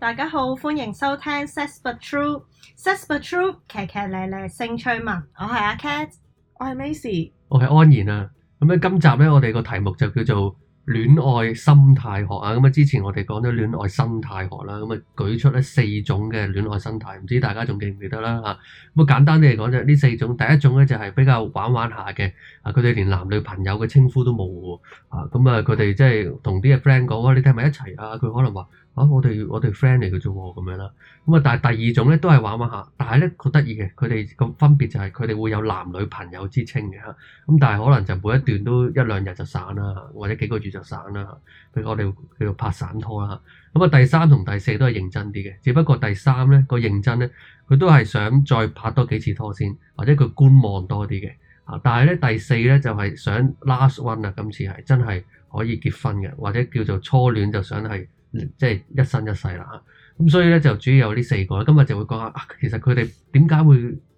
大家好，歡迎收聽 Says But True，Says But True，騎騎咧咧性趣聞。我係阿 Cat，我係 Macy 我係安然。啊。咁咧今集咧，我哋個題目就叫做戀愛心態學啊。咁啊，之前我哋講咗戀愛心態學啦。咁啊，舉出咧四種嘅戀愛心態，唔知大家仲記唔記得啦吓。咁啊，簡單啲嚟講啫，呢四種，第一種咧就係比較玩玩下嘅。啊，佢哋連男女朋友嘅稱呼都冇啊。咁啊，佢哋即係同啲嘅 friend 講話，你哋係咪一齊啊？佢可能話。啊、哦！我哋我哋 friend 嚟嘅啫喎，咁樣啦。咁啊，但係第二種咧都係玩玩下，但係咧好得意嘅。佢哋個分別就係佢哋會有男女朋友之稱嘅嚇。咁但係可能就每一段都一兩日就散啦，或者幾個月就散啦。譬如我哋叫做拍散拖啦嚇。咁啊，第三同第四都係認真啲嘅，只不過第三咧、嗰個認真咧，佢都係想再拍多幾次拖先，或者佢觀望多啲嘅嚇。但係咧第四咧就係、是、想 last one 啦，今次係真係可以結婚嘅，或者叫做初戀就想係。即係一生一世啦，咁、嗯、所以咧就主要有呢四個，今日就會講下、啊，其實佢哋點解會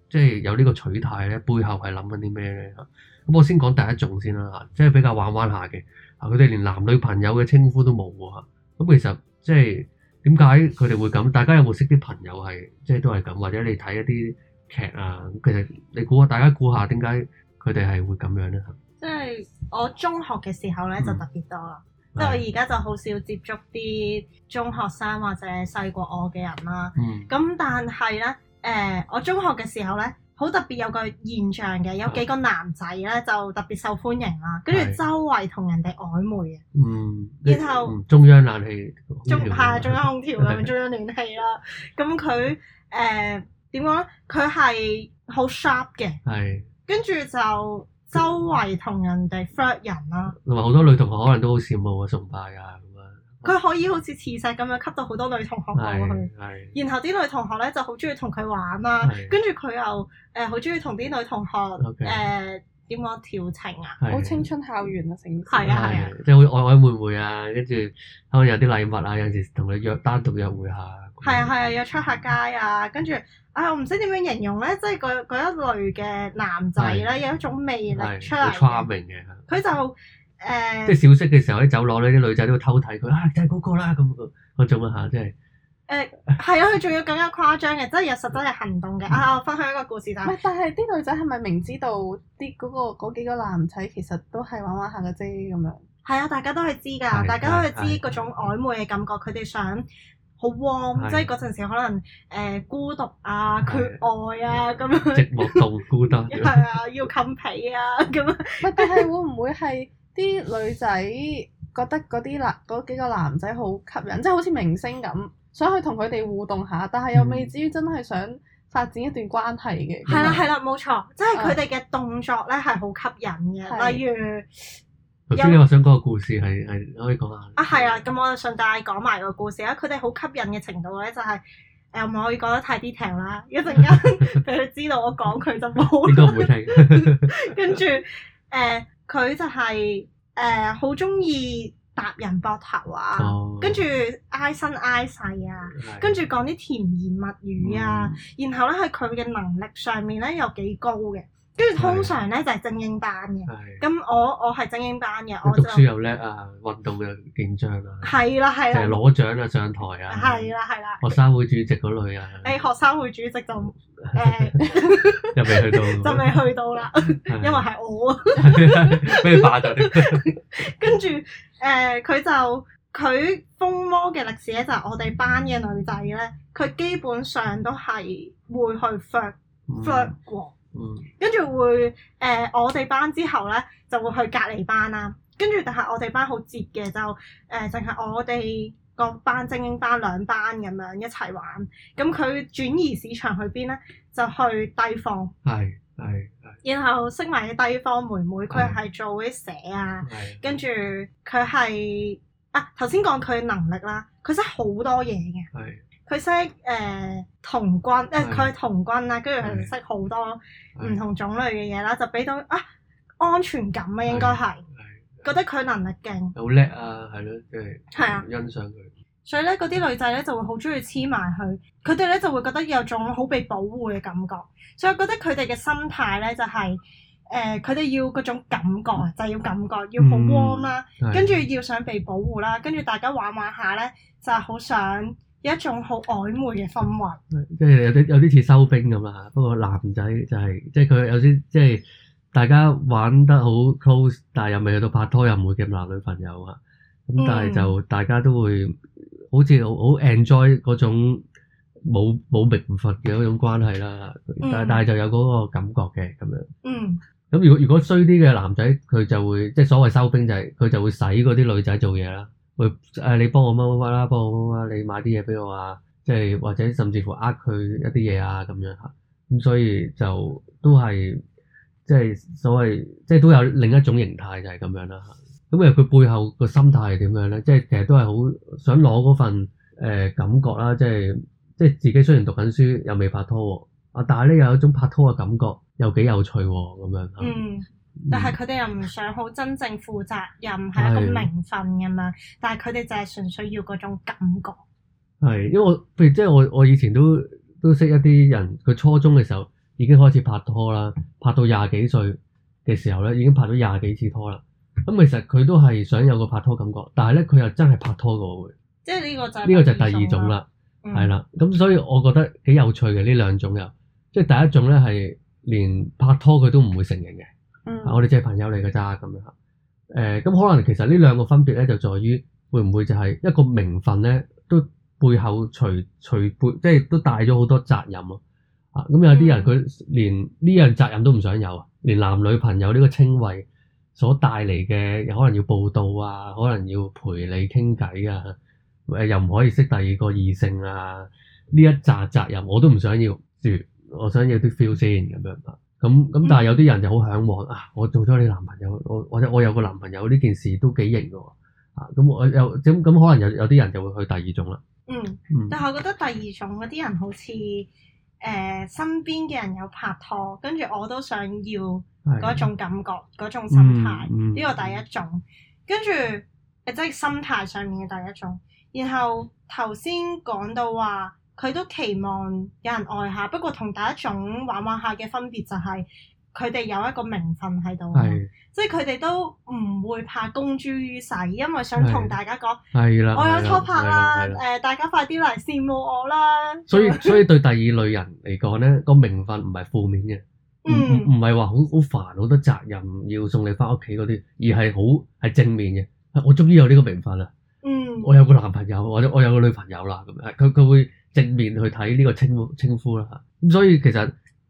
即係、就是、有呢個取態咧？背後係諗緊啲咩咧？咁、啊、我先講第一種先啦、啊啊，即係比較玩玩下嘅，佢、啊、哋、啊、連男女朋友嘅稱呼都冇嘅吓。咁、啊啊啊、其實即係點解佢哋會咁？大家有冇識啲朋友係即係都係咁？或者你睇一啲劇啊？其實你估下，大家估下點解佢哋係會咁樣咧？即係我中學嘅時候咧就特別多啦。即係我而家就好少接觸啲中學生或者細過我嘅人啦。咁、嗯、但係呢，誒、呃，我中學嘅時候呢，好特別有個現象嘅，有幾個男仔呢就特別受歡迎啦，跟住周圍同人哋曖昧嘅。嗯，然後、嗯、然後中央冷氣，中係中，中央空調入中，中，中央暖氣啦。咁佢誒點講呢？佢係好 sharp 嘅，係、呃、是跟住就。周圍同人哋 friend 人啦、啊，同埋好多女同學可能都好羨慕啊、崇拜啊咁樣啊。佢可以好似磁石咁樣吸到好多女同學落去，的然後啲女同學咧就好中意同佢玩啦、啊，的跟住佢又誒好中意同啲女同學誒點樣調情啊，好的青春校園啊成件事。係啊係啊，即係曖曖昧昧啊，跟住可能有啲禮物啊，有時同佢約單獨約會下。係啊係啊，又出下街啊，跟住。啊！我唔知點樣形容咧，即係嗰一類嘅男仔咧，有一種魅力出嚟。好 charming 嘅。佢就誒，即係小息嘅時候喺走廊呢啲女仔都會偷睇佢啊，即係嗰個啦咁我做啊下，即係。誒係啊，佢仲要更加誇張嘅，即係有實質嘅行動嘅。啊，分享一個故事但係。但係啲女仔係咪明知道啲嗰個嗰幾個男仔其實都係玩玩下嘅啫咁樣？係啊，大家都係知㗎，大家都係知嗰種曖昧嘅感覺，佢哋想。好 warm，是即係嗰陣時可能誒、呃、孤獨啊、缺愛啊咁樣，寂寞到孤單。係 啊，要冚被啊咁樣。唔，但係會唔會係啲女仔覺得嗰啲男嗰幾個男仔好吸引，即、就、係、是、好似明星咁，想去同佢哋互動下，但係又未至於真係想發展一段關係嘅。係啦、嗯，係啦樣，冇、啊啊、錯，即係佢哋嘅動作咧係好吸引嘅，例、嗯、如。即係我想講個故事係係可以講下啊，係啊的，咁的我就順帶你講埋個故事啊。佢哋好吸引嘅程度咧、就係，就係誒唔可以講得太 detail 啦。一陣間畀佢知道我講佢就冇呢個唔會聽。 跟住誒，佢、呃、就係誒好中意搭人膊頭啊，哦、跟住挨身挨細啊，嗯、跟住講啲甜言蜜語啊。嗯、然後咧喺佢嘅能力上面咧，有幾高嘅。跟住通常咧就係精英班嘅，咁我我係精英班嘅，我讀書又叻啊，運動又健將啊，係啦係啦，就係攞獎啊，上台啊，係啦係啦，學生會主席嗰類啊，誒學生會主席就誒又未去到，就未去到啦，因為係我，俾你霸咗，跟住誒佢就佢風魔嘅歷史咧，就係我哋班嘅女仔咧，佢基本上都係會去 flirt flirt 嗯，跟住會誒、呃，我哋班之後咧就會去隔離班啦、啊。跟住，但係我哋班好接嘅，就誒淨係我哋個班精英班兩班咁樣一齊玩。咁佢轉移市場去邊咧？就去低放。係係然後升埋啲低放妹妹，佢係是做啲寫啊，跟住佢係啊頭先講佢嘅能力啦，佢識好多嘢嘅。佢、呃呃、識誒童軍，誒佢係童軍啦，跟住佢哋識好多唔同種類嘅嘢啦，就俾是是 到啊安全感該是是啊，應該係，覺得佢能力勁，好叻啊，係咯，即係，係啊，欣賞佢。所以咧，嗰啲女仔咧就會好中意黐埋佢，佢哋咧就會覺得有種好被保護嘅感覺。所以我覺得佢哋嘅心態咧就係、是、誒，佢、呃、哋要嗰種感覺，就是、要感覺要好 warm 啦，跟住、嗯、要想被保護啦，跟住大家玩玩下咧，就係好想玩玩玩玩。有一種好曖昧嘅氛圍，即係、嗯就是、有啲有啲似收兵咁啦。不過男仔就係即係佢有啲即係大家玩得好 close，但係又未去到拍拖，又唔會咁男女朋友啊。咁、嗯嗯嗯、但係就大家都會好似好好 enjoy 嗰種冇冇名份嘅嗰種關係啦。但係、嗯、但係就有嗰個感覺嘅咁樣。嗯。咁、嗯、如果如果衰啲嘅男仔，佢就會即係、就是、所謂收兵就係佢就會使嗰啲女仔做嘢啦。佢誒、啊、你幫我乜乜乜啦，幫我乜乜，你買啲嘢俾我啊！即係或者甚至乎呃佢一啲嘢啊咁樣嚇，咁、嗯、所以就都係即係所謂即係都有另一種形態就係、是、咁樣啦嚇。咁啊佢背後個心態係點樣咧？即係其實都係好想攞嗰份誒、呃、感覺啦，即係即係自己雖然讀緊書又未拍拖喎，啊但係咧又有一種拍拖嘅感覺又幾有趣喎咁樣嚇。嗯。但係佢哋又唔想好真正負責任，係一個名分，㗎嘛。的但係佢哋就係純粹要嗰種感覺。係，因為我譬如即係我我以前都都識一啲人，佢初中嘅時候已經開始拍拖啦，拍到廿幾歲嘅時候咧，已經拍咗廿幾次拖啦。咁、嗯、其實佢都係想有個拍拖感覺，但係咧佢又真係拍拖嘅會，即係呢個就呢個就係第二種啦，係啦。咁、嗯、所以我覺得幾有趣嘅呢兩種嘅，即係第一種咧係連拍拖佢都唔會承認嘅。啊，嗯、我哋只係朋友嚟㗎咋，咁樣，誒、呃，咁可能其實呢兩個分別咧，就在於會唔會就係一個名分咧，都背後隨隨背，即係都帶咗好多責任咯、啊。啊，咁有啲人佢連呢樣責任都唔想有，啊，連男女朋友呢個稱謂所帶嚟嘅，可能要報到啊，可能要陪你傾偈啊，誒、呃，又唔可以識第二個異性啊，呢一扎責任我都唔想要，即我想要啲 feel 先咁樣。咁咁，但係有啲人就好向往啊！我做咗你男朋友，我或者我有個男朋友呢件事都幾型㗎喎啊！咁我有咁咁，可能有有啲人就會去第二種啦。嗯，嗯嗯，但係我覺得第二種嗰啲人好似誒、呃、身邊嘅人有拍拖，跟住我都想要嗰種感覺、嗰、啊、種心態，呢個、嗯嗯、第一種。跟住誒，即係心態上面嘅第一種。然後頭先講到話。佢都期望有人愛下，不過同第一種玩玩下嘅分別就係佢哋有一個名分喺度，的即係佢哋都唔會怕公諸於世，因為想同大家講係啦，的我有拖拍啦，誒，大家快啲嚟羨慕我啦。所以 所以對第二類人嚟講咧，個名分唔係負面嘅，唔唔唔係話好好煩，好多責任要送你翻屋企嗰啲，而係好係正面嘅。我終於有呢個名分啦，嗯，我有個男朋友或者我有個女朋友啦，咁樣佢佢會。正面去睇呢個稱呼稱呼啦嚇，咁、嗯、所以其實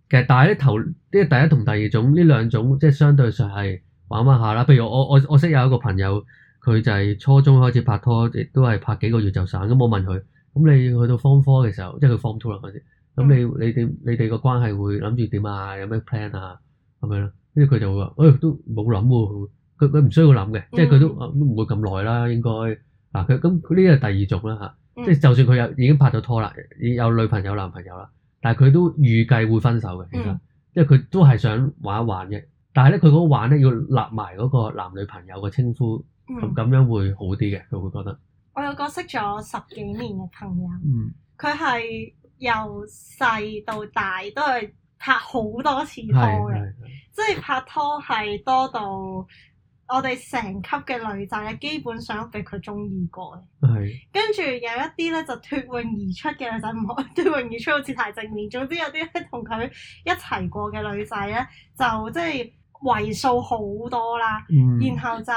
其實但係咧頭即係第一同第、第二種呢兩種即係相對上係玩玩下啦。譬如我我我識有一個朋友，佢就係初中開始拍拖，亦都係拍幾個月就散。咁、嗯、我問佢，咁、嗯、你去到 form four 嘅時候，即係佢 form two 啦嗰陣，咁、嗯、你你點你哋個關係會諗住點啊？有咩 plan 啊？咁樣咯，跟住佢就會話，誒、哎、都冇諗喎，佢佢唔需要諗嘅，即係佢都唔、啊、會咁耐啦，應該嗱佢咁呢個係第二種啦嚇。啊即係、嗯、就算佢有已經拍咗拖啦，有女朋友男朋友啦，但係佢都預計會分手嘅，其實、嗯，即係佢都係想玩一玩嘅。但係咧，佢嗰個玩咧要立埋嗰個男女朋友嘅稱呼，咁、嗯、樣會好啲嘅，佢會覺得。我有個識咗十幾年嘅朋友，佢係、嗯、由細到大都係拍好多次拖嘅，即係拍拖係多到。我哋成級嘅女仔咧，基本上俾佢中意過嘅。係。跟住有一啲咧就脫穎而出嘅女仔，唔好脫穎而出好似太正面。總之有啲咧同佢一齊過嘅女仔咧，就即係為數好多啦。嗯。然後就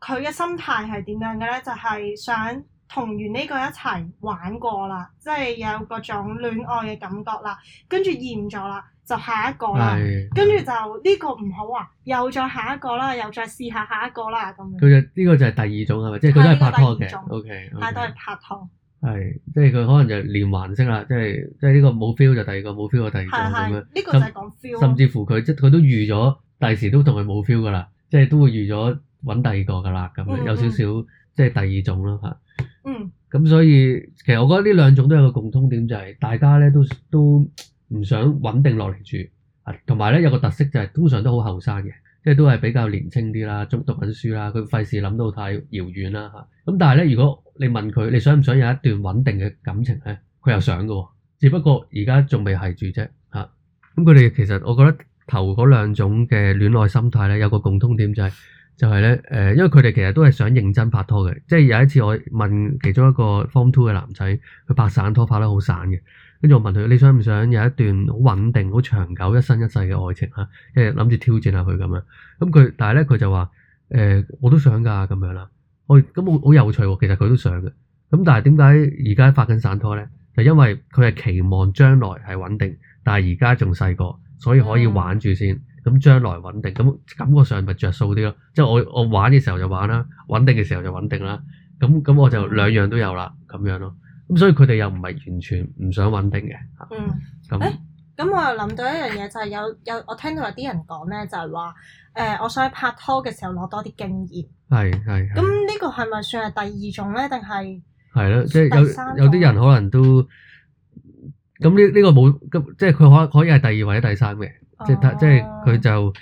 佢嘅心態係點樣嘅咧？就係、是、想同完呢個一齊玩過啦，即、就、係、是、有嗰種戀愛嘅感覺啦。跟住厭咗啦。就下一個啦，跟住就呢個唔好啊，又再下一個啦，又再試下下一個啦咁樣。佢就呢個就係第二種係咪？即係佢都係拍拖嘅。O K，大多係拍拖。係，即係佢可能就連環式啦，即係即係呢個冇 feel 就第二個冇 feel 嘅第二種咁樣。呢個就係講 feel。甚至乎佢即佢都預咗第時都同佢冇 feel 噶啦，即係都會預咗揾第二個噶啦咁樣，有少少即係第二種咯吓，嗯。咁所以其實我覺得呢兩種都有個共通點，就係大家咧都都。唔想穩定落嚟住，啊，同埋咧有個特色就係、是、通常都好後生嘅，即係都係比較年青啲啦，仲讀緊書啦，佢費事諗到太遙遠啦嚇。咁、啊、但係咧，如果你問佢你想唔想有一段穩定嘅感情咧，佢又想㗎喎，只不過而家仲未係住啫嚇。咁佢哋其實我覺得頭嗰兩種嘅戀愛心態咧，有個共通點就係、是、就係咧誒，因為佢哋其實都係想認真拍拖嘅，即係有一次我問其中一個 form two 嘅男仔，佢拍散拖拍得好散嘅。跟住我問佢：你想唔想有一段好穩定、好長久、一生一世嘅愛情啊？即係諗住挑戰下佢咁樣。咁佢，但係咧佢就話：誒，我都想㗎咁樣啦。我咁好有趣喎，其實佢都想嘅。咁但係點解而家發緊散拖咧？就因為佢係期望將來係穩定，但係而家仲細個，所以可以玩住先。咁將來穩定，咁感覺上咪着數啲咯。即係我我玩嘅時候就玩啦，穩定嘅時候就穩定啦。咁咁我就兩樣都有啦，咁樣咯。咁所以佢哋又唔係完全唔想穩定嘅嚇。咁、嗯，咁樣、欸、我又諗到一樣嘢就係、係、有有我聽到有啲人講咧，就係話誒，我想去拍拖嘅時候攞多啲經驗。係係。咁呢個係咪算係第二種咧？定係係咯，即係有有啲人可能都咁呢？呢、嗯嗯、個冇咁，即係佢可可以係第二或者第三嘅，啊、即係即係佢就。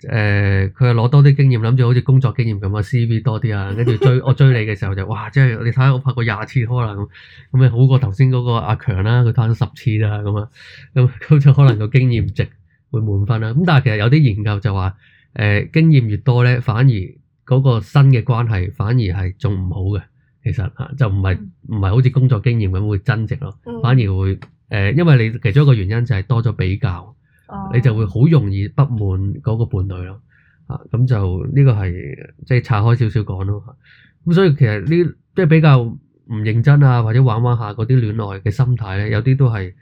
誒，佢又攞多啲經驗，諗住好似工作經驗咁啊，CV 多啲啊，跟住追我追你嘅時候就哇，即係你睇下我拍過廿次拖啦，咁咁咪好過頭先嗰個阿強啦，佢拍咗十次啦，咁啊，咁咁就可能個經驗值會滿分啦。咁但係其實有啲研究就話，誒、呃，經驗越多咧，反而嗰個新嘅關係反而係仲唔好嘅，其實吓就唔係唔係好似工作經驗咁會增值咯，嗯、反而會誒、呃，因為你其中一個原因就係多咗比較。Oh. 你就會好容易不滿嗰個伴侶咯，啊咁就呢個係即係拆開少少講咯，咁、啊、所以其實呢即係比較唔認真啊，或者玩玩下嗰啲戀愛嘅心態咧，有啲都係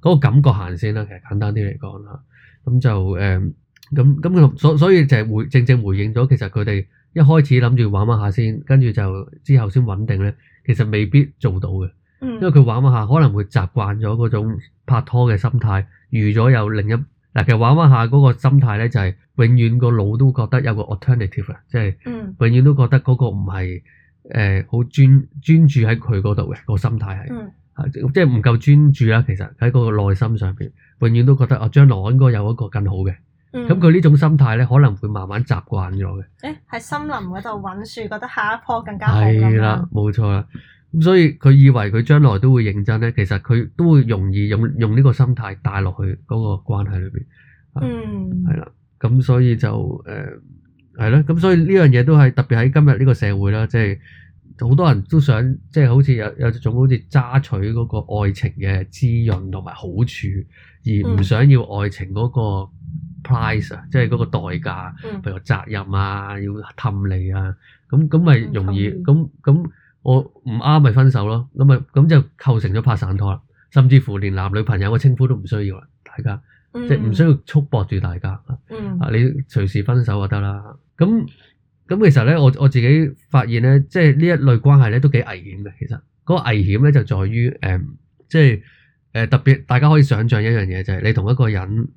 嗰個感覺行先啦、啊。其實簡單啲嚟講啦，咁、啊、就誒咁咁咁所所以就係回正正回應咗，其實佢哋一開始諗住玩玩下先，跟住就之後先穩定咧，其實未必做到嘅，mm. 因為佢玩玩下可能會習慣咗嗰種拍拖嘅心態，預咗有另一。嗱，其實玩玩下嗰個心態咧，就係、是、永遠個腦都覺得有個 alternative 嘅，即係永遠都覺得嗰個唔係誒好專專注喺佢嗰度嘅個心態係，啊、嗯、即係唔夠專注啦。其實喺嗰個內心上邊，永遠都覺得哦、啊，將來應該有一個更好嘅。咁佢呢種心態咧，可能會慢慢習慣咗嘅。誒、欸，喺森林嗰度揾樹，覺得下一樖更加好啦、啊。係啦，冇錯啦。咁所以佢以為佢將來都會認真咧，其實佢都會容易用用呢個心態帶落去嗰個關係裏邊。嗯，係啦、啊。咁所以就誒係咯。咁、呃、所以呢樣嘢都係特別喺今日呢個社會啦，即係好多人都想即係、即係、好似有有種好似揸取嗰個愛情嘅滋潤同埋好處，而唔想要愛情嗰個 price 啊、嗯，即係嗰個代價，譬、嗯、如責任啊、要氹你啊，咁咁咪容易咁咁。嗯我唔啱咪分手咯，咁咪咁就構成咗拍散拖啦，甚至乎連男女朋友嘅稱呼都唔需要啦，大家即係唔需要束縛住大家、嗯、啊，你隨時分手就得啦。咁、嗯、咁、嗯、其實咧，我我自己發現咧，即係呢一類關係咧都幾危險嘅。其實嗰、那個危險咧就在於誒、呃，即係誒、呃、特別大家可以想像一樣嘢就係、是、你同一個人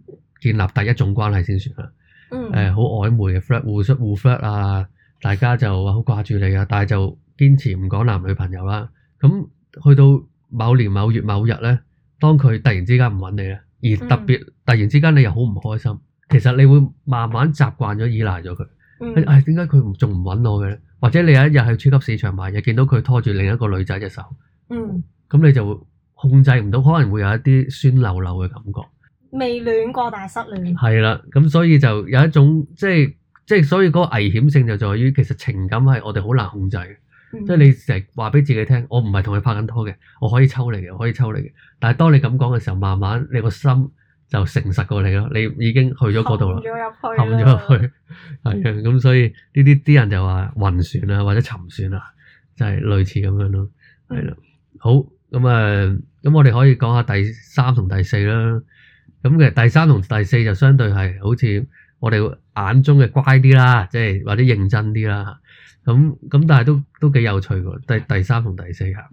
建立第一種關係先算啦，誒、呃、好曖昧嘅 friend 互出互 friend 啊，大家就好掛住你啊，但係就堅持唔講男女朋友啦。咁去到某年某月某日呢，當佢突然之間唔揾你喇，而特別、嗯、突然之間，你又好唔開心。其實你會慢慢習慣咗，依賴咗佢。誒點解佢仲唔揾我嘅呢？或者你有一日去超級市場買嘢，見到佢拖住另一個女仔隻手，嗯，咁你就控制唔到，可能會有一啲酸溜溜嘅感覺。未戀過但失戀係啦。咁所以就有一種即係即係，所以嗰個危險性就在於，其實情感係我哋好難控制。即係你成日話俾自己聽，我唔係同你拍緊拖嘅，我可以抽你嘅，我可以抽你嘅。但係當你咁講嘅時候，慢慢你個心就誠實過你咯，你已經去咗嗰度啦，沉咗入,入去。沉咗入去，係咁所以呢啲啲人就話暈船啊，或者沉船啊，就係、是、類似咁樣咯。係啦，好咁啊，咁我哋可以講下第三同第四啦。咁其實第三同第四就相對係好似我哋眼中嘅乖啲啦，即係或者認真啲啦。咁咁，但係都都幾有趣喎。第第，第，四，第三同第四下，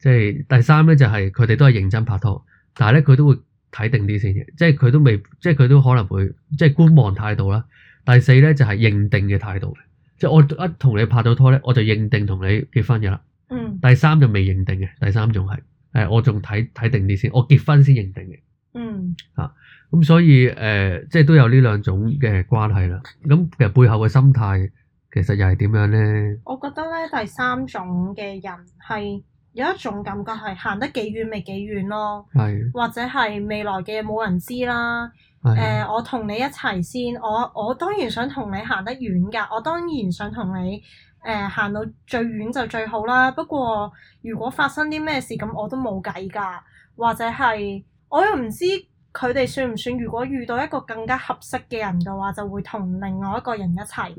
即係第三咧就係佢哋都係認真拍拖，但係咧佢都會睇定啲先嘅，即係佢都未，即係佢都可能會即係觀望態度啦。第四咧就係認定嘅態度，即係我一同你拍咗拖咧，我就認定同你結婚嘅啦。嗯，第三就未認定嘅，第三仲係誒，我仲睇睇定啲先，我結婚先認定嘅，嗯啊。嗯，嚇咁所以誒、呃，即係都有呢兩種嘅關係啦。咁其實背後嘅心態。其實又係點樣咧？我覺得咧，第三種嘅人係有一種感覺，係行得幾遠咪幾遠咯，係的或者係未來嘅冇人知啦。誒的、呃，我同你一齊先，我我當然想同你行得遠噶，我當然想同你誒行到最遠就最好啦。不過如果發生啲咩事，咁我都冇計噶。或者係我又唔知佢哋算唔算？如果遇到一個更加合適嘅人嘅話，就會同另外一個人一齊。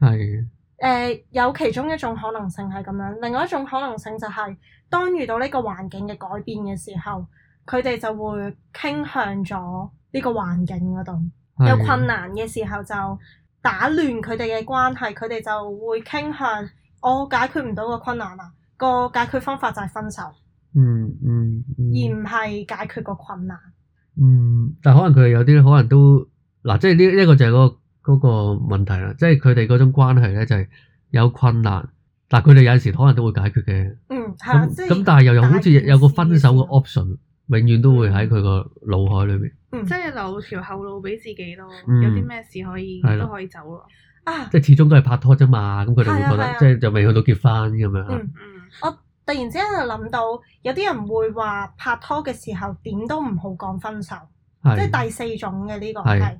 係誒、呃，有其中一種可能性係咁樣，另外一種可能性就係、是、當遇到呢個環境嘅改變嘅時候，佢哋就會傾向咗呢個環境嗰度。的有困難嘅時候就打亂佢哋嘅關係，佢哋就會傾向我解決唔到個困難啊。個解決方法就係分手。嗯嗯。嗯嗯，而唔係解決個困難。嗯，但可能佢哋有啲可能都嗱、啊，即係呢一個就係、個。嗰個問題啦，即係佢哋嗰種關係咧，就係有困難，但係佢哋有陣時可能都會解決嘅。嗯，係。咁但係又又好似有個分手嘅 option，永遠都會喺佢個腦海裏邊。即係留條後路俾自己咯，有啲咩事可以都可以走咯。啊，即係始終都係拍拖啫嘛，咁佢哋會覺得即係就未去到結婚咁樣。嗯嗯，我突然之間就諗到，有啲人會話拍拖嘅時候點都唔好講分手。即係第四種嘅呢個係，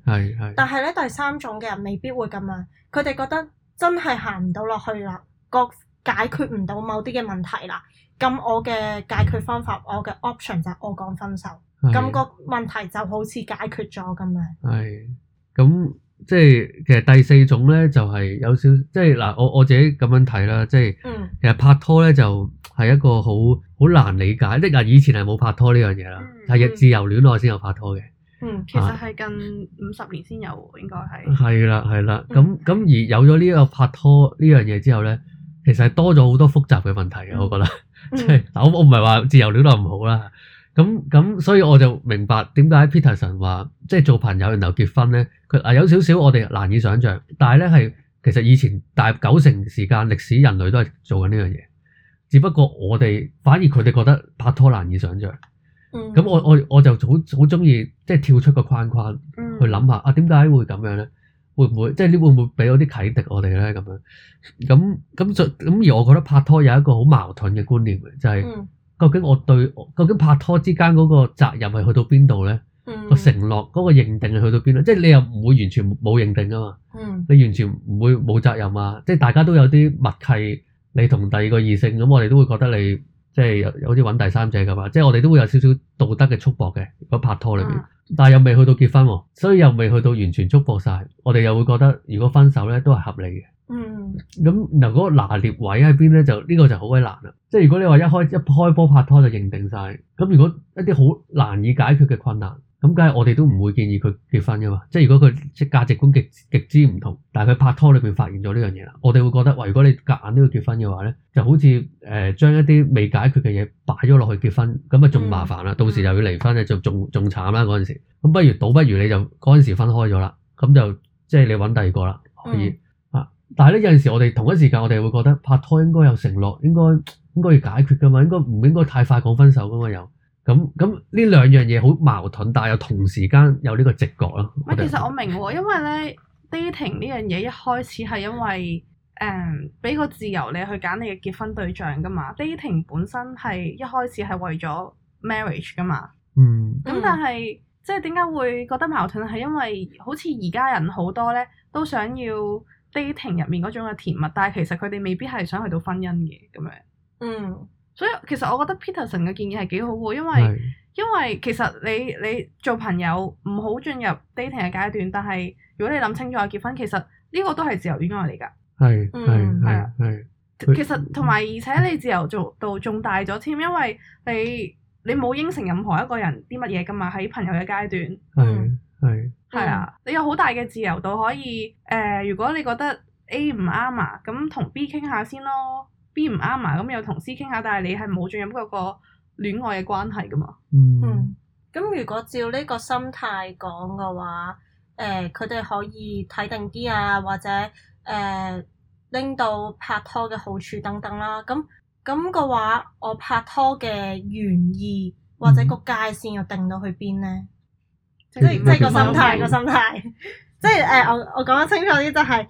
但係咧第三種嘅人未必會咁樣，佢哋覺得真係行唔到落去啦，個解決唔到某啲嘅問題啦，咁我嘅解決方法，我嘅 option 就係我講分手，咁係、個問題就好似解決咗咁樣。係，咁即係其實第四種咧就係、係、有少，即係嗱我我自己咁樣睇啦，即係其實拍拖咧就係、係、一個好好難理解，即係嗱以前係冇拍拖呢樣嘢啦，係、嗯嗯、自由戀愛先有拍拖嘅。嗯，其實係近五十年先有，應該係係啦係啦，咁咁、嗯、而有咗呢個拍拖呢樣嘢之後咧，其實係多咗好多複雜嘅問題嘅，我覺得即係、嗯 即係、我唔係話自由戀都唔好啦，咁咁所以我就明白點解 Peterson 話即係、即係、做朋友然後結婚咧，佢啊有少少我哋難以想象，但係咧係其實以前大概九成時間歷史人類都係做緊呢樣嘢，只不過我哋反而佢哋覺得拍拖難以想象。咁、嗯、我我我就好好中意即係跳出個框框去諗下、嗯、啊點解會咁樣咧？會唔會即係、就是、你會唔會俾到啲啟迪我哋咧？咁樣咁咁就咁而我覺得拍拖有一個好矛盾嘅觀念就係、是嗯、究竟我對究竟拍拖之間嗰個責任係去到邊度咧？嗯、個承諾嗰、那個認定係去到邊咧？即、就、係、是、你又唔會完全冇認定噶嘛？嗯、你完全唔會冇責任啊！即、就、係、是、大家都有啲默契，你同第二個異性咁，我哋都會覺得你。即係有有啲揾第三者㗎嘛，即係我哋都會有少少道德嘅束縛嘅，嗰拍拖裏邊，但係又未去到結婚喎、啊，所以又未去到完全束縛晒。我哋又會覺得如果分手咧都係合理嘅。嗯，咁嗱，嗰個拿捏位喺邊咧？就呢、呢個就好鬼難啦。即係如果你話一開一開波拍拖就認定晒，咁如果一啲好難以解決嘅困難，咁梗係我哋都唔會建議佢結婚噶嘛，即係如果佢即價值觀極極之唔同，但係佢拍拖裏邊發現咗呢樣嘢啦，我哋會覺得喂、呃，如果你夾硬都要結婚嘅話咧，就好似誒將一啲未解決嘅嘢擺咗落去結婚，咁啊仲麻煩啦，嗯、到時又要離婚咧，就仲仲慘啦嗰陣時，咁不如倒不如你就嗰陣時分開咗啦，咁就即係、就是、你搵第二個啦，可以、嗯、啊，但係咧有陣時我哋同一時間我哋會覺得拍拖應該有承諾，應該應該要解決噶嘛，應該唔應該太快講分手噶嘛又。咁咁呢兩樣嘢好矛盾，但係又同時間有呢個直覺咯。咪其實我明喎，因為咧 dating 呢樣嘢一開始係因為誒俾、嗯嗯、個自由去你去揀你嘅結婚對象噶嘛。dating、嗯、本身係一開始係為咗 marriage 噶嘛。嗯。咁但係即係點解會覺得矛盾？係因為好似而家人好多咧都想要 dating 入面嗰種嘅甜蜜，但係其實佢哋未必係想去到婚姻嘅咁樣。嗯。所以其實我覺得 Peterson 嘅建議係幾好嘅，因為是因為其實你你做朋友唔好進入 dating 嘅階段，但係如果你諗清楚結婚，其實呢個都係自由戀愛嚟㗎。係係係，嗯、其實同埋而且你自由度度仲大咗添，欸、因為你你冇應承任何一個人啲乜嘢㗎嘛，喺朋友嘅階段。係係係啊，你有好大嘅自由度可以誒、呃，如果你覺得 A 唔啱啊，咁同 B 傾下先咯。邊唔啱埋咁又同師傾下，但係你係冇進入嗰個戀愛嘅關係㗎嘛？嗯，咁、嗯、如果照呢個心態講嘅話，誒佢哋可以睇定啲啊，或者誒拎、呃、到拍拖嘅好處等等啦、啊。咁咁嘅話，我拍拖嘅原意或者個界線要定到去邊咧？即係即係個心態，個心態。 即係誒、呃，我我講得清楚啲就係。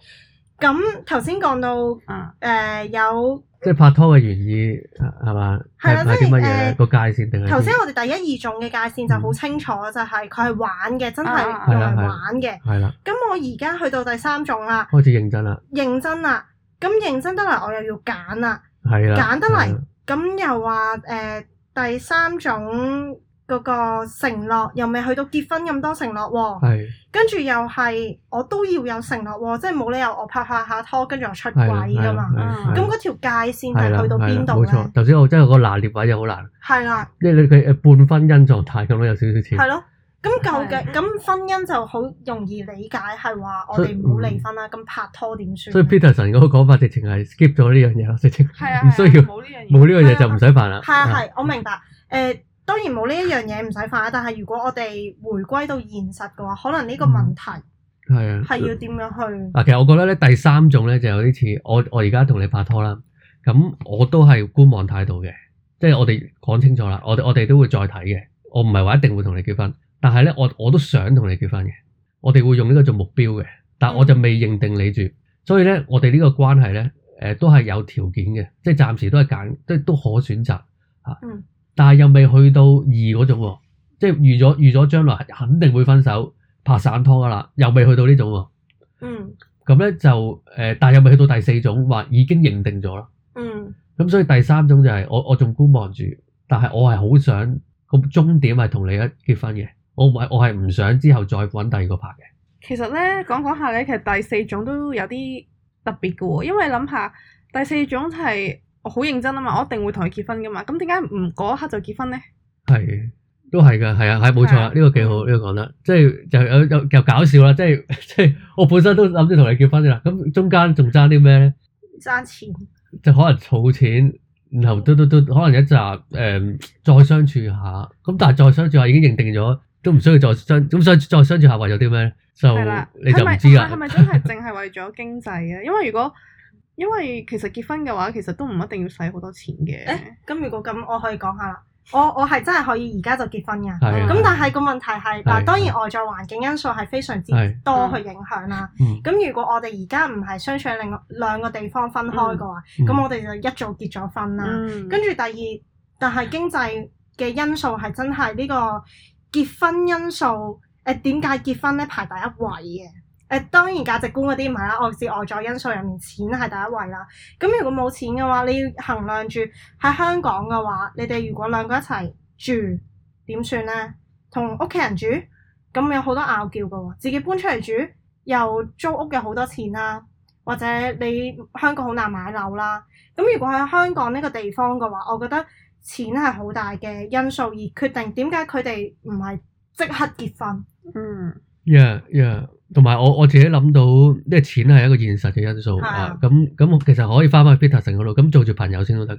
咁頭先講到，誒、呃、有，即係拍拖嘅原意係嘛？係啦，是是即係誒個界線定係頭先我哋第一二種嘅界線就好清楚，就是是，就係佢係玩嘅，真係用嚟玩嘅，係啦。咁我而家去到第三種啦，開始認真啦，認真啦。咁認真得嚟，我又要揀啦，係啦的，揀得嚟，咁的又話誒、呃、第三種。嗰個承諾又未去到結婚咁多承諾喎，跟住又係我都要有承諾喎，即係冇理由我拍下下拖跟住我出軌噶嘛，咁嗰條界線係去到邊度咧？冇錯，頭先我真係個拿捏位又好難。係啦，即係你佢佢半婚姻狀態咁樣有少少似。係咯，咁舊嘅咁婚姻就好容易理解係話我哋冇離婚啦，咁拍拖點算？所以 Peterson 嗰個講法直情係 skip 咗呢樣嘢咯，直情係啊，唔需要，冇呢樣嘢就唔使煩啦。係啊係，我明白誒。當然冇呢一樣嘢唔使化，但係如果我哋回歸到現實嘅話，可能呢個問題係啊，係要點樣去？嗱、嗯，其實我覺得咧，第三種咧就有啲似我我而家同你拍拖啦，咁我都係觀望態度嘅，即係我哋講清楚啦，我我哋都會再睇嘅，我唔係話一定會同你結婚，但係咧我我都想同你結婚嘅，我哋會用呢個做目標嘅，但我就未認定你住，嗯、所以咧我哋呢個關係咧，誒、呃、都係有條件嘅，即係暫時都係揀，即係都可選擇嚇。啊嗯但係又未去到二嗰種，即係預咗預咗將來肯定會分手拍散拖㗎喇，又未去到呢種。嗯。咁咧就誒、呃，但係又未去到第四種，話已經認定咗啦。嗯。咁所以第三種就係、是、我我仲觀望住，但係我係好想個終點係同你一結婚嘅，我唔係我係唔想之後再揾第二個拍嘅。其實咧講講下咧，其實第四種都有啲特別嘅，因為諗下第四種係。我好、哦、認真啊嘛，我一定會同佢結婚噶嘛，咁點解唔嗰一刻就結婚咧？係，都係噶，係啊，係冇錯啊，呢的個幾好，呢的個講得，即係又有又又搞笑啦，即係即係我本身都諗住同你結婚啦，咁中間仲爭啲咩咧？爭錢，就可能儲錢，然後都都都,都,都,都可能一集誒、呃、再相處下，咁但係再相處下已經認定咗，都唔需要再,再相，咁所以再相處下為咗啲咩咧？就的你就唔知噶。係咪 真係淨係為咗經濟咧、啊？因為如果因為其實結婚嘅話，其實都唔一定要使好多錢嘅。誒、欸，咁如果咁，我可以講下啦。我我係真係可以而家就結婚㗎。咁是、啊、但係個問題係，嗱，是啊、當然外在環境因素係非常之多去影響啦。咁是、啊嗯、如果我哋而家唔係相處另外兩個地方分開嘅話，咁、嗯、我哋就一早結咗婚啦。嗯、跟住第二，但係經濟嘅因素係真係呢個結婚因素。誒、呃，點解結婚咧排第一位嘅？誒、uh, 當然價值觀嗰啲唔係啦，外置外在因素入面，錢係第一位啦。咁如果冇錢嘅話，你要衡量住喺香港嘅話，你哋如果兩個一齊住點算呢？同屋企人住，咁有好多拗撬㗎喎。自己搬出嚟住又租屋嘅好多錢啦，或者你香港好難買樓啦。咁如果喺香港呢個地方嘅話，我覺得錢係好大嘅因素而決定點解佢哋唔係即刻結婚？嗯、mm. yeah, yeah. 同埋我我自己諗到，即係錢係一個現實嘅因素啊。咁咁我其實可以翻翻去 Peter 城嗰度，咁做住朋友先都得，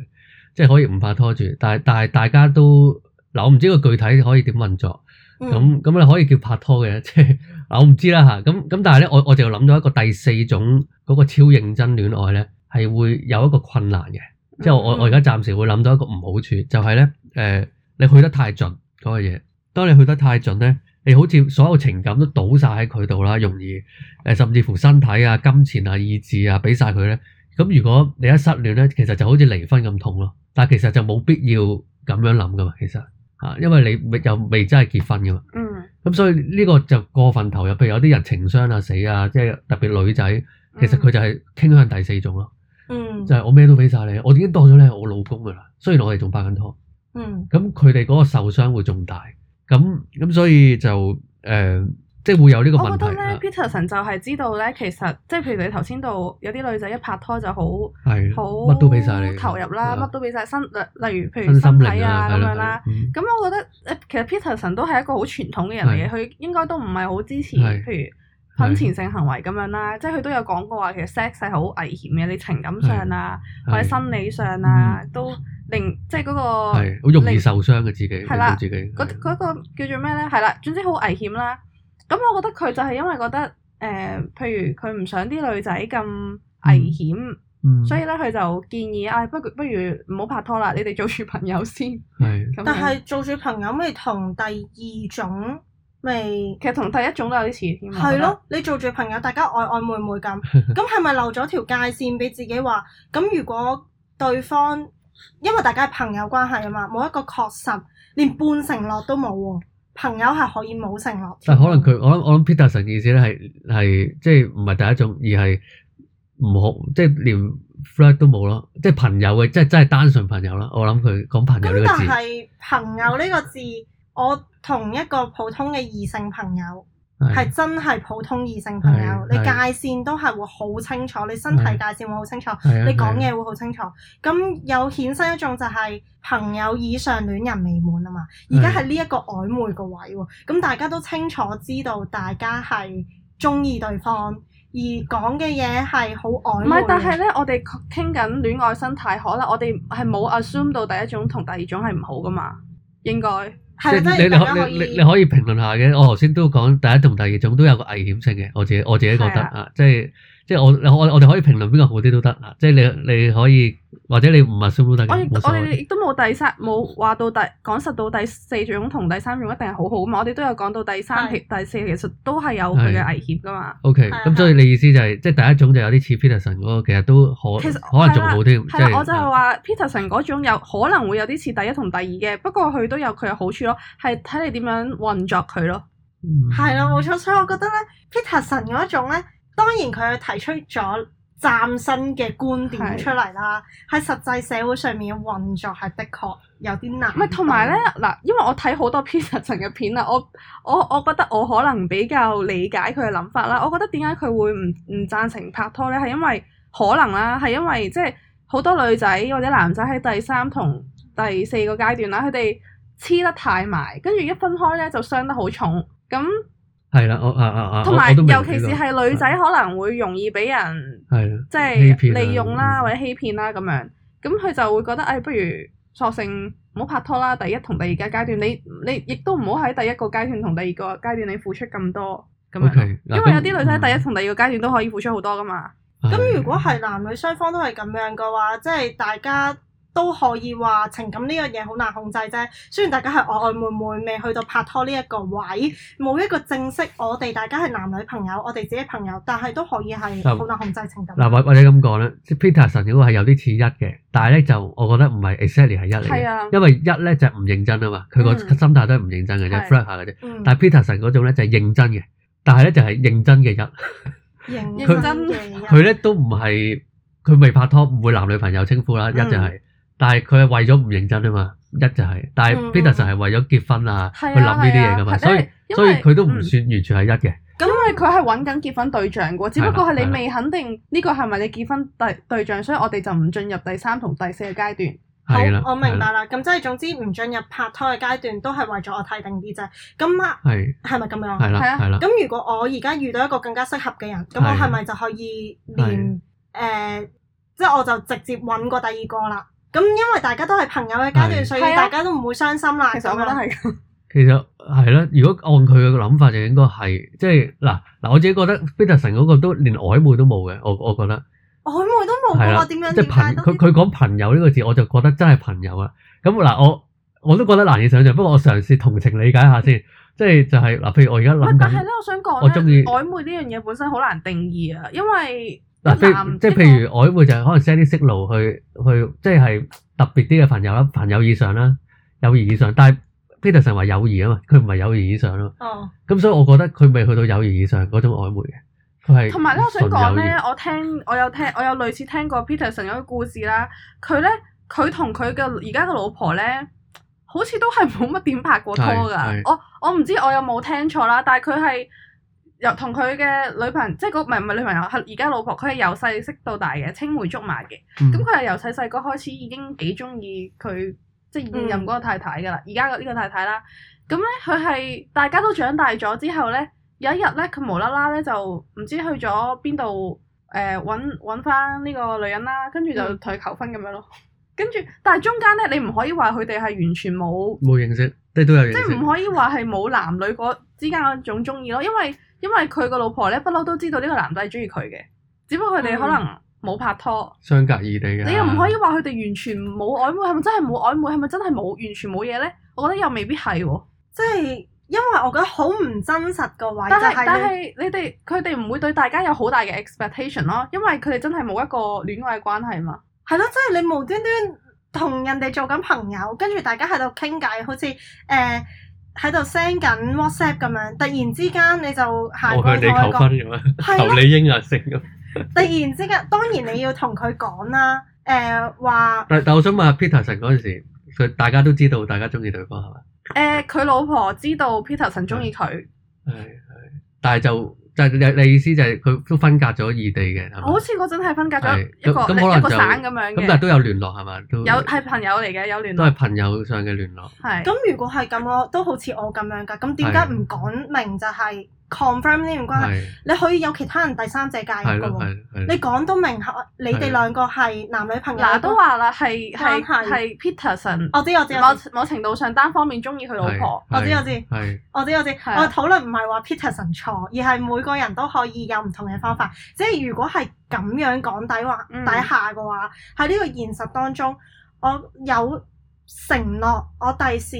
即係可以唔拍拖住。但係但係大家都嗱，我唔知個具體可以點運作。咁咁你可以叫拍拖嘅，即係我唔知啦吓。咁咁但係咧，我我就諗到一個第四種嗰個超認真戀愛咧，係會有一個困難嘅。即係我我而家暫時會諗到一個唔好處，就係咧，誒，你去得太盡嗰個嘢。當你去得太盡咧。你好似所有情感都倒晒喺佢度啦，容易誒，甚至乎身體啊、金錢啊、意志啊，俾晒佢咧。咁如果你一失戀咧，其實就好似離婚咁痛咯。但其實就冇必要咁樣諗噶嘛，其實嚇，因為你又未真係結婚噶嘛。嗯。咁所以呢個就過分投入，譬如有啲人情傷啊死啊，即係特別女仔，其實佢就係傾向第四種咯。嗯。就係我咩都俾晒你，我已經當咗你係我老公噶啦。雖然我哋仲拍緊拖。嗯。咁佢哋嗰個受傷會仲大。咁咁所以就誒，即係會有呢個問題。我覺得咧，Peterson 就係知道咧，其實即係譬如你頭先度有啲女仔一拍拖就好，好，乜都俾晒你，投入啦，乜都俾晒身，例如譬如身體啊咁樣啦。咁我覺得誒，其實 Peterson 都係一個好傳統嘅人嚟嘅，佢應該都唔係好支持譬如婚前性行為咁樣啦。即係佢都有講過話，其實 sex 係好危險嘅，你情感上啊，或者心理上啊都。即係嗰、那個好容易受傷嘅自己，的自己嗰、那個叫做咩咧？係啦，總之好危險啦。咁我覺得佢就係因為覺得誒、呃，譬如佢唔想啲女仔咁危險，嗯嗯、所以咧佢就建議啊、哎，不不如唔好拍拖啦，你哋做住朋友先。係的。樣但係做住朋友，咪同第二種咪？其實同第一種都有啲似添。係咯的，你做住朋友，大家曖曖昧昧咁，咁係咪留咗條界線俾自己話？咁如果對方？因為大家係朋友關係啊嘛，冇一個確實，連半承諾都冇。朋友係可以冇承諾，但係、嗯、可能佢我諗我諗 Peter 陳意思咧係係即係唔係第一種，而係唔好即係連 friend 都冇咯，即係朋友嘅即係真係單純朋友啦。我諗佢講朋友呢個字，咁但係朋友呢個字，我同一個普通嘅異性朋友。係真係普通異性朋友，你界線都係會好清楚，是你身體界線會好清楚，你講嘢會好清楚。咁有衍生一種就係朋友以上戀人未滿啊嘛，而家係呢一個曖昧個位喎。咁是大家都清楚知道大家係中意對方，而講嘅嘢係好曖昧。但係呢，我哋傾緊戀愛生態，可能我哋係冇 assume 到第一種同第二種係唔好噶嘛，應該。即係你可你，你，你，你可以評論下嘅，我頭先都講第一同第二種都有個危險性嘅。我自己我自己覺得，是啊，即係。即係我我哋可以評論邊個好啲都得啊！即係你你可以或者你唔咪 s m 我哋亦都冇第，第，第，第三冇話到第講實到第四種同第三種一定係好好啊嘛！我哋都有講到第三期是第四期，其實都係有佢嘅危險噶嘛。O K，咁所以你意思就係、是、即係第一種就有啲似 Peterson 嗰個，其實都可，實可能仲好啲。係啦的是，我就係話 Peterson 嗰種有可能會有啲似第一同第二嘅，不過佢都有佢嘅好處咯，係睇你點樣運作佢咯。係啦、嗯，冇錯。所以我覺得咧，Peterson 嗰種咧。當然佢提出咗嶄新嘅觀點出嚟啦，喺的實際社會上面嘅運作係的確有啲難。唔係同埋咧嗱，因為我睇好多 P 十層嘅片啦，我我我覺得我可能比較理解佢嘅諗法啦。我覺得點解佢會唔唔贊成拍拖咧？係因為可能啦，係因為即係好多女仔或者男仔喺第三同第四個階段啦，佢哋黐得太埋，跟住一分開咧就傷得好重咁。係啦，同埋尤其是係女仔可能會容易俾人，係即係利用啦的或者欺騙啦咁、嗯、樣，咁佢就會覺得，哎不如索性唔好拍拖啦。第一同第二階階段，你你亦都唔好喺第一個階段同第二個階段，你付出咁多咁樣，okay, 因為有啲女仔喺第一同第二個階段都可以付出好多噶嘛。咁、嗯、如果係男女雙方都係咁樣嘅話，即係大家。都可以話情感呢樣嘢好難控制啫。雖然大家係曖曖昧昧未去到拍拖呢一個位，冇一個正式，我哋大家係男女朋友，我哋自己朋友，但係都可以係好難控制情感。嗱，我我哋咁講咧，Peterson 嗰個係有啲似一嘅，但係咧就我覺得唔係 exactly 係一嚟嘅，因為一咧就係唔認真啊嘛，佢個心態都係唔認真嘅，just flirt 下嘅啫。Really really really, 但係 Peterson 嗰種咧就係認真嘅，但係咧就係認真嘅一。認真。 佢咧都唔係，佢未拍拖，唔會男女朋友稱呼啦，一、嗯、就係、是。但係佢係為咗唔認真啊嘛，一就係。但係 Peter 就係為咗結婚啊，去諗呢啲嘢㗎嘛，所以所以佢都唔算完全係一嘅。咁因為佢係揾緊結婚對象喎，只不過係你未肯定呢個係咪你結婚對對象，所以我哋就唔進入第三同第四個階段。係，我明白啦。咁即係總之唔進入拍拖嘅階段，都係為咗我睇定啲啫。咁啊，係係咪咁樣？係啦，係啦。咁如果我而家遇到一個更加適合嘅人，咁我係咪就可以連誒，即係我就直接揾過第二個啦？咁因為大家都係朋友嘅階段，的所以大家都唔會傷心啦。的其實我覺得係，其實係咧。如果按佢嘅諗法，就應該係即係嗱嗱。我自己覺得，Peter 成嗰個都連曖昧都冇嘅。我我覺得曖昧都冇，我點的樣即係朋佢佢講朋友呢個字，我就覺得真係朋友啊。咁嗱，我我都覺得難以想象。不過我嘗試同情理解下先， 即係就係、是、嗱，譬如我而家諗，但係咧，我想講，我中意曖昧呢樣嘢本身好難定義啊，因為。例即即是譬如為曖昧就係可能 send 啲息路去去，即係特別啲嘅朋友啦，朋友以上啦，友誼以上。但係 Peterson 話友誼啊嘛，佢唔係友誼以上咯。哦。咁所以我覺得佢未去到友誼以上嗰種曖昧嘅，佢係同埋咧，我想講咧，我聽我有聽我有類似聽過 Peterson 有個故事啦。佢咧佢同佢嘅而家嘅老婆咧，好似都係冇乜點拍過拖噶。我我唔知我有冇聽錯啦，但係佢係。又同佢嘅女朋友，即係嗰個唔係唔係女朋友，係而家老婆，佢係由細識到大嘅青梅竹馬嘅。咁佢係由細細個開始已經幾鍾意佢，即係現任嗰個太太㗎啦。而家個呢個太太啦，咁咧佢係大家都長大咗之後咧，有一日咧佢無啦啦咧就唔知去咗邊度，誒搵搵返呢個女人啦，跟住就同佢求婚咁樣咯。嗯跟住，但係中間咧，你唔可以話佢哋係完全冇冇認識，即係都有認識，即係唔可以話係冇男女嗰之間嗰種中意咯。因為因為佢個老婆咧，不嬲都知道呢個男仔中意佢嘅，只不過佢哋可能冇拍拖，哦、相隔異地嘅、啊。你又唔可以話佢哋完全冇曖昧，係咪真係冇曖昧？係咪真係冇完全冇嘢咧？我覺得又未必係喎。即係因為我覺得好唔真實個位，但係但係你哋佢哋唔會對大家有好大嘅 expectation 咯，因為佢哋真係冇一個戀愛關係嘛。係咯，即係你無端端同人哋做緊朋友，跟住大家喺度傾偈，好似誒喺、呃、度 send 緊 WhatsApp 咁樣。突然之間你就向佢求婚咁樣， 求你英啊成咁了。 突然之間，當然你要同佢講啦，誒、呃、話。但但我想問 Peterson 嗰陣時，佢大家都知道大家中意對方係嘛？誒，佢、呃、老婆知道 Peterson 中意佢，係係、嗯，但係就。就係你你意思就係佢都分隔咗異地嘅，係咪？我好似嗰陣係分隔咗一個一個省咁樣嘅，但係都有聯絡係咪？都有係朋友嚟嘅，有聯絡都係朋友上嘅聯絡。係。咁如果係咁，我都好似我咁樣㗎。咁點解唔講明就係、是？Confirm 呢段關係，你可以有其他人第三者介入嘅喎。你講都明你哋兩個係男女朋友。嗱都話啦，係係係 Peterson。我知我知。某某程度上，單方面中意佢老婆。我知我知。我知我知。我討論唔係話 Peterson 錯，而係每個人都可以有唔同嘅方法。即係如果係咁樣講底話底下嘅話，喺呢個現實當中，我有承諾，我第時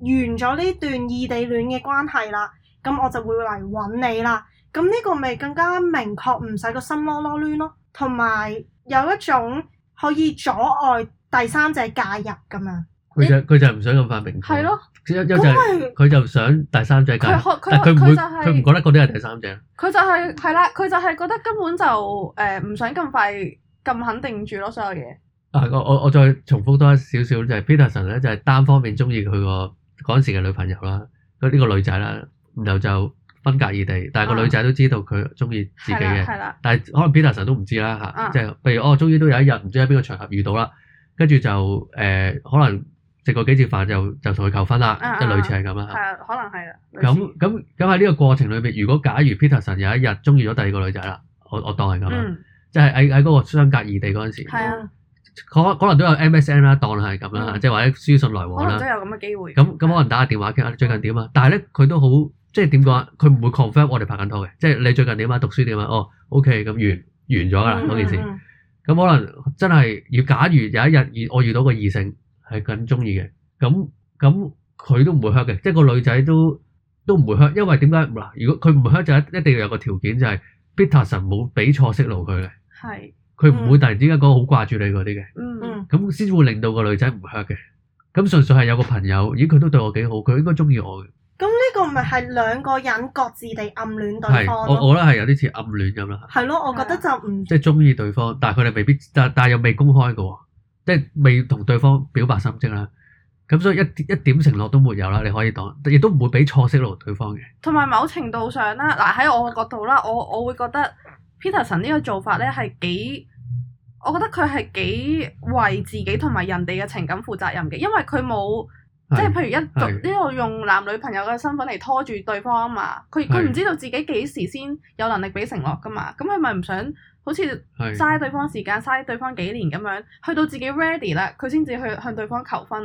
完咗呢段異地戀嘅關係啦。咁我就會嚟揾你啦。咁呢個咪更加明確，唔使個心囉囉攣咯。同埋有，有一種可以阻礙第三者介入咁樣。佢就佢就唔想咁快明。係咯的。佢就想第三者介入，但係佢唔佢唔覺得嗰啲係第三者。佢就係係啦，佢就係覺得根本就誒唔、呃、想咁快咁肯定住咯，所有嘢。啊！我我我再重複多少少就係 Peterson 咧，就係、是、單方面中意佢個嗰陣時嘅女朋友啦，佢呢個女仔啦。然後就分隔異地，但係個女仔都知道佢中意自己嘅，啊、但係可能 Peter 神都唔知啦嚇，即係譬如哦，終於都有一日唔知喺邊個場合遇到啦，跟住就誒、呃、可能食過幾次飯就就同佢求婚啦，啊、即係類似係咁啦。係、啊啊、可能係啊。咁咁咁喺呢個過程裏面，如果假如 Peter 神有一日中意咗第二個女仔啦，我我當係咁，即係喺喺嗰個相隔異地嗰陣時，可、嗯、可能都有 MSN 啦、嗯，當係咁啦，即係或者書信來往啦。都有咁嘅機會。咁咁那、嗯、可能打下電話傾下最近點啊，但係咧佢都好。即係點講？佢唔會 confirm 我哋拍緊拖嘅。即係你最近點啊？讀書點啊？哦、oh，OK，咁完完咗啦嗰件事。咁、mm hmm. 可能真係要假如有一日我遇到個異性係咁中意嘅，咁咁佢都唔會 hurt 嘅，即係個女仔都都唔會 hurt，因為點解嗱？如果佢唔 hurt 就一定要有個條件就係、是、Peter 神冇俾錯色路佢嘅。係、mm。佢、hmm. 唔會突然之間講好掛住你嗰啲嘅。嗯嗯、mm。咁、hmm. 先會令到個女仔唔 hurt 嘅。咁純粹係有個朋友，咦佢都對我幾好，佢應該中意我嘅。咁呢個咪係兩個人各自地暗戀對方咯。我我覺得係有啲似暗戀咁啦。係咯，我覺得就唔即係中意對方，但係佢哋未必，但但係又未公開嘅喎，即係未同對方表白心聲啦。咁所以一點一點承諾都沒有啦。你可以當，亦都唔會俾錯釋露對方嘅。同埋某程度上啦，嗱喺我嘅角度啦，我我會覺得 Peterson 呢個做法咧係幾，我覺得佢係幾為自己同埋人哋嘅情感負責任嘅，因為佢冇。即係譬如一做呢個用男女朋友嘅身份嚟拖住對方啊嘛，佢佢唔知道自己幾時先有能力俾承諾噶嘛，咁佢咪唔想好似嘥對方時間嘥的對方幾年咁樣，去到自己 ready 啦，佢先至去向對方求婚。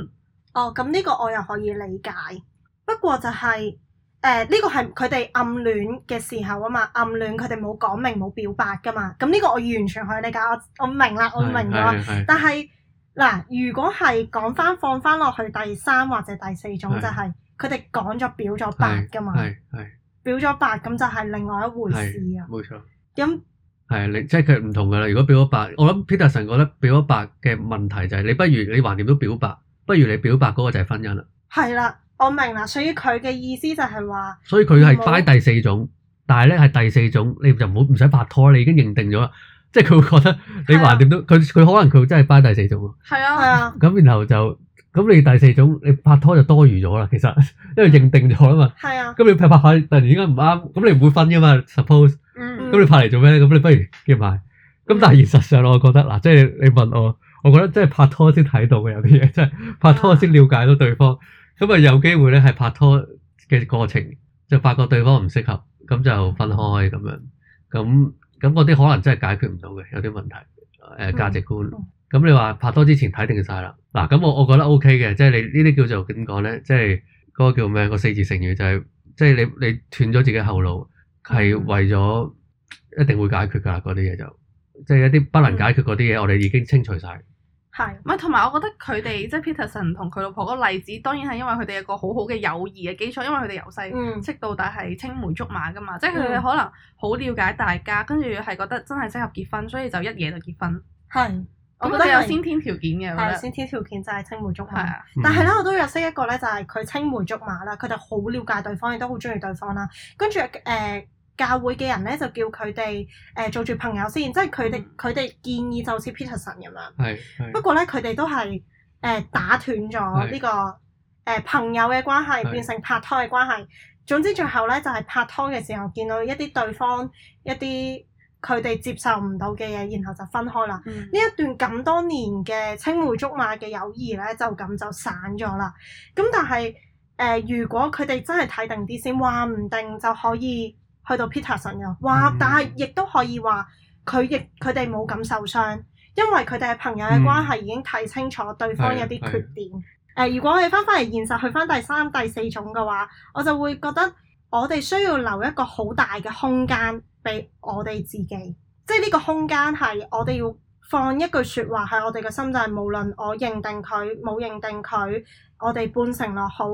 哦，咁呢個我又可以理解，不過就係誒呢個係佢哋暗戀嘅時候啊嘛，暗戀佢哋冇講明冇表白噶嘛，咁呢個我完全可以理解，我我明啦，我明啦，明但係。嗱，如果係講翻放翻落去第三或者第四種，是就係佢哋講咗表咗白噶嘛，表咗白咁就係另外一回事啊。冇錯，咁係啊，即係佢唔同噶啦。如果表咗白，我諗 Peterson 覺得表咗白嘅問題就係你不如你橫掂都表白，不如你表白嗰個就係婚姻啦。係啦，我明啦，所以佢嘅意思就係話，所以佢係擺第四種，但係咧係第四種，你就唔好唔使拍拖，你已經認定咗啦。即係佢會覺得你還掂都，佢佢、啊、可能佢真係擺第四種喎。係啊，係啊。咁然後就咁你第四種，你拍拖就多餘咗啦。其實因為認定咗啦嘛。係啊。咁你拍拍下突然之間唔啱，咁你唔會分噶嘛？Suppose、嗯。咁、嗯、你拍嚟做咩？咁你不如叫埋。咁但係現實上，我覺得嗱，即係你問我，我覺得即係拍拖先睇到嘅有啲嘢，即係拍拖先了解到對方。咁啊，有機會咧係拍拖嘅過程就發覺對方唔適合，咁就分開咁樣咁。咁嗰啲可能真係解決唔到嘅，有啲問題，誒、呃、價值觀。咁、嗯、你話拍拖之前睇定晒啦，嗱、啊、咁我我覺得 OK 嘅，即係你呢啲叫做點講咧？即係嗰個叫咩？個四字成語就係、是，即係你你斷咗自己後路，係為咗一定會解決㗎嗰啲嘢就，即係、嗯、一啲不能解決嗰啲嘢，我哋已經清除晒。嗯嗯。係，唔係同埋我覺得佢哋即係 Peterson 同佢老婆嗰個例子，當然係因為佢哋有個好好嘅友誼嘅基礎，因為佢哋由細識到大，係青梅竹馬㗎嘛，即係佢哋可能好了解大家，跟住係覺得真係適合結婚，所以就一夜就結婚。係，我覺，我覺得有先天條件嘅，係先天條件就係青梅竹馬。的嗯、但係咧，我都認識一個咧，就係佢青梅竹馬啦，佢哋好了解對方，亦都好鍾意對方啦，跟住誒。呃教會嘅人咧，就叫佢哋誒做住朋友先，即係佢哋佢哋建議，就似 Peterson 咁樣。係不過咧，佢哋都係誒、呃、打斷咗呢、這個誒是、呃、朋友嘅關係，變成拍拖嘅關係。是總之最後咧，就係、是、拍拖嘅時候見到一啲對方一啲佢哋接受唔到嘅嘢，然後就分開啦。呢一、嗯、段咁多年嘅青梅竹馬嘅友誼咧，就咁就散咗啦。咁但係誒、呃，如果佢哋真係睇定啲先，話唔定就可以。去到 Peterson 㗎，哇！嗯、但係亦都可以話，佢亦佢哋冇咁受傷，因為佢哋係朋友嘅關係，已經睇清楚、嗯、對方有啲缺點。誒、呃，如果我哋翻返嚟現實，去翻第三、第四種嘅話，我就會覺得我哋需要留一個好大嘅空間俾我哋自己。即係呢個空間係我哋要放一句説話喺我哋嘅心，就係、是、無論我認定佢冇認定佢，我哋半承諾好，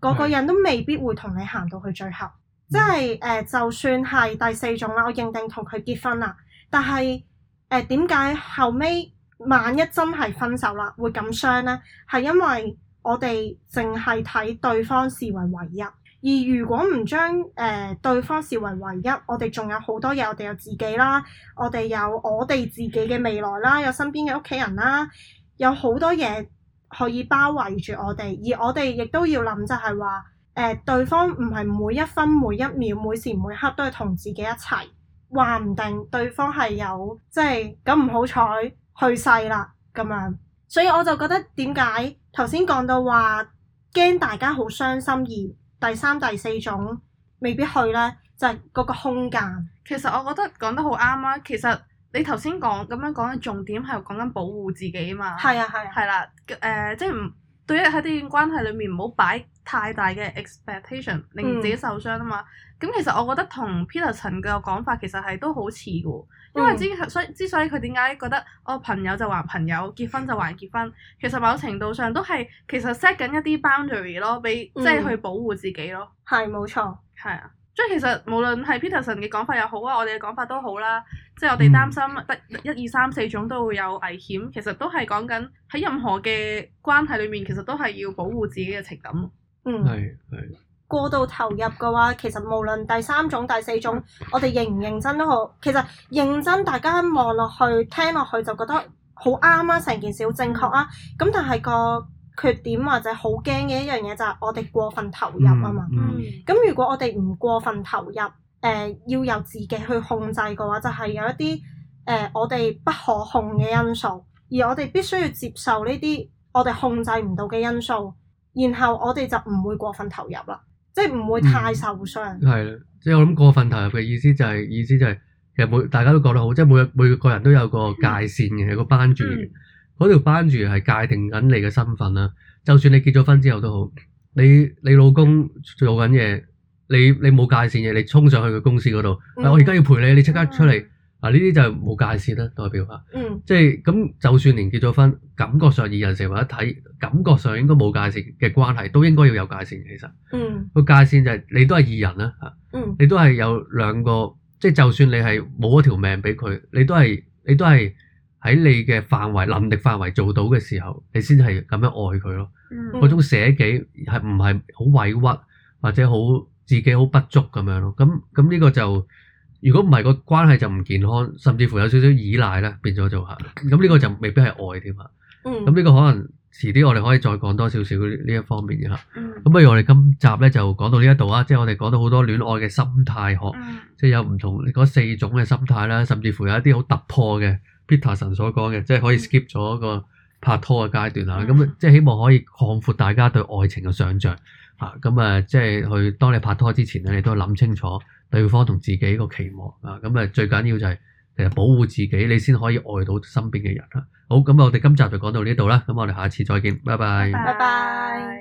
個、那個人都未必會同你行到去最後。即係誒、呃，就算係第四種啦，我認定同佢結婚啦，但係誒點解後尾萬一真係分手啦，會咁傷呢？係因為我哋淨係睇對方視為唯一，而如果唔將誒對方視為唯一，我哋仲有好多嘢，我哋有自己啦，我哋有我哋自己嘅未來啦，有身邊嘅屋企人啦，有好多嘢可以包圍住我哋，而我哋亦都要諗就係話。誒對方唔係每一分每一秒每時每刻都係同自己一齊，話唔定對方係有，即係咁唔好彩去世啦咁樣，所以我就覺得點解頭先講到話驚大家好傷心而第三第四種未必去呢，就係、是、嗰個空間。其實我覺得講得好啱啊！其實你頭先講咁樣講嘅重點係講緊保護自己嘛，係啊係啊，係啦、啊啊呃、即係唔。對於喺呢段關係裏面唔好擺太大嘅 expectation，令自己受傷啊嘛。咁、嗯、其實我覺得同 Peter 陳嘅講法其實係都好似嘅，因為之所以之所以佢點解覺得我、哦、朋友就還朋友，結婚就還結婚，其實某程度上都係其實 set 緊一啲 boundary 咯，俾、嗯、即係去保護自己咯。係冇錯。係啊。即係其實無論係 Peterson 嘅講法又好啊，我哋嘅講法都好啦。即係我哋擔心得一二三四種都會有危險，其實都係講緊喺任何嘅關係裏面，其實都係要保護自己嘅情感。嗯，係係過度投入嘅話，其實無論第三種、第四種，我哋認唔認真都好。其實認真，大家望落去聽落去就覺得好啱啊，成件事好正確啊。咁但係個缺點或者好驚嘅一樣嘢就係我哋過分投入啊嘛。咁、嗯嗯、如果我哋唔過分投入，誒、呃、要由自己去控制嘅話，就係、是、有一啲誒、呃、我哋不可控嘅因素，而我哋必須要接受呢啲我哋控制唔到嘅因素，然後我哋就唔會過分投入啦，即係唔會太受傷。係啦、嗯，即係我諗過分投入嘅意思就係、是、意思就係、是、其實每大家都覺得好，即係每每個人都有個界線嘅，有個關注。嗯嗰條班主係界定緊你嘅身份啦、啊，就算你結咗婚之後都好，你你老公做緊嘢，你你冇界線嘅，你衝上去個公司嗰度，嗯、我而家要陪你，你即刻出嚟，嗯、啊呢啲就冇界線啦，代表吓，即係咁，就是、就算連結咗婚，感覺上二人成為一體，感覺上應該冇界線嘅關係，都應該要有界線。其實，嗯，個界線就係你都係二人啦，嚇，你都係、啊嗯、有兩個，即、就、係、是、就算你係冇一條命俾佢，你都係你都係。喺你嘅範圍能力範圍做到嘅時候，你先係咁樣愛佢咯。嗰、嗯、種捨己係唔係好委屈，或者好自己好不足咁樣咯？咁咁呢個就如果唔係個關係就唔健康，甚至乎有少少依賴咧，變咗做係咁。呢、嗯、個就未必係愛添啊。咁、嗯、呢個可能遲啲我哋可以再講多少少呢一方面嘅嚇。咁、嗯、不如我哋今集咧就講到呢一度啊，即係我哋講到好多戀愛嘅心態學，即係、嗯、有唔同嗰四種嘅心態啦，甚至乎有一啲好突破嘅。Peter 神所講嘅，即係可以 skip 咗一個拍拖嘅階段啦。咁、嗯、即係希望可以擴闊大家對愛情嘅想像嚇。咁啊，即係去當你拍拖之前咧，你都要諗清楚對方同自己個期望啊。咁啊，最緊要就係其實保護自己，你先可以愛到身邊嘅人啊。好，咁我哋今集就講到呢度啦。咁我哋下次再見，拜拜。拜拜 bye。Bye bye。